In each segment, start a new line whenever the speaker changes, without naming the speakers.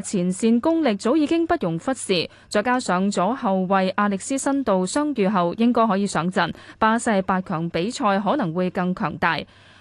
前線功力早已經不容忽視，再加上左後衛阿歷斯山度傷愈後應該可以上陣，巴西八強比賽可能會更強大。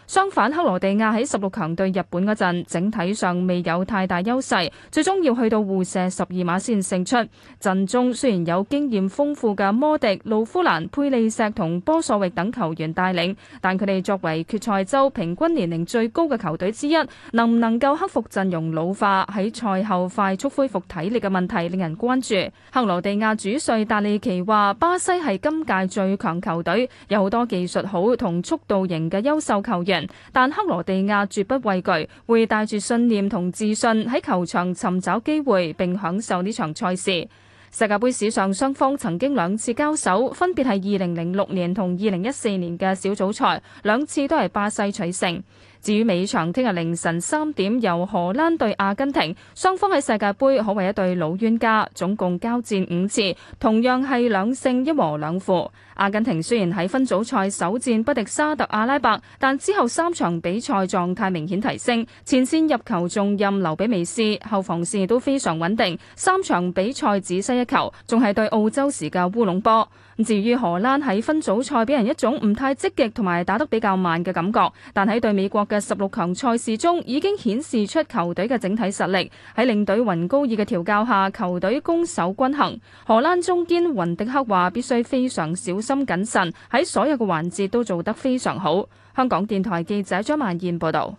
相反，克羅地亞喺十六強對日本嗰陣，整體上未有太大優勢，最終要去到互射十二碼先勝出。陣中雖然有經驗豐富嘅摩迪、盧夫蘭、佩利錫同波索域等球員帶領，但佢哋作為決賽周平均年齡最高嘅球隊之一，能唔能夠克服陣容老化喺賽後快速恢復體力嘅問題，令人關注。克羅地亞主帥達利奇話，巴西係今屆最強球隊，有好多技術好同速度型嘅優秀球員。但克羅地亞絕不畏懼，會帶住信念同自信喺球場尋找機會，並享受呢場賽事。世界杯史上雙方曾經兩次交手，分別係二零零六年同二零一四年嘅小組賽，兩次都係巴西取勝。至於尾場，聽日凌晨三點由荷蘭對阿根廷，雙方喺世界盃可謂一對老冤家，總共交戰五次，同樣係兩勝一和兩負。阿根廷雖然喺分組賽首戰不敵沙特阿拉伯，但之後三場比賽狀態明顯提升，前線入球重任留畀美斯，後防線亦都非常穩定，三場比賽只失一球，仲係對澳洲時嘅烏龍波。至於荷蘭喺分組賽俾人一種唔太積極同埋打得比較慢嘅感覺，但喺對美國嘅十六強賽事中已經顯示出球隊嘅整體實力。喺領隊雲高爾嘅調教下，球隊攻守均衡。荷蘭中堅雲迪克話，必須非常小心謹慎，喺所有嘅環節都做得非常好。香港電台記者張曼燕報道。